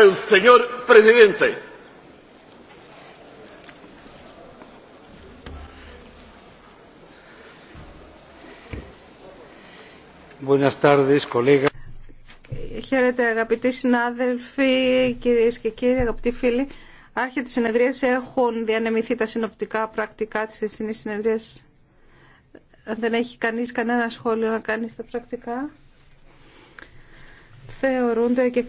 el señor presidente. Buenas tardes, colega. Χαίρετε αγαπητοί συνάδελφοι, κυρίες και κύριοι, αγαπητοί φίλοι. άρχε τη συνεδρία έχουν διανεμηθεί τα συνοπτικά πρακτικά της εσύνης συνεδρίας. Δεν έχει κανείς κανένα σχόλιο να κάνει στα πρακτικά. Θεωρούνται και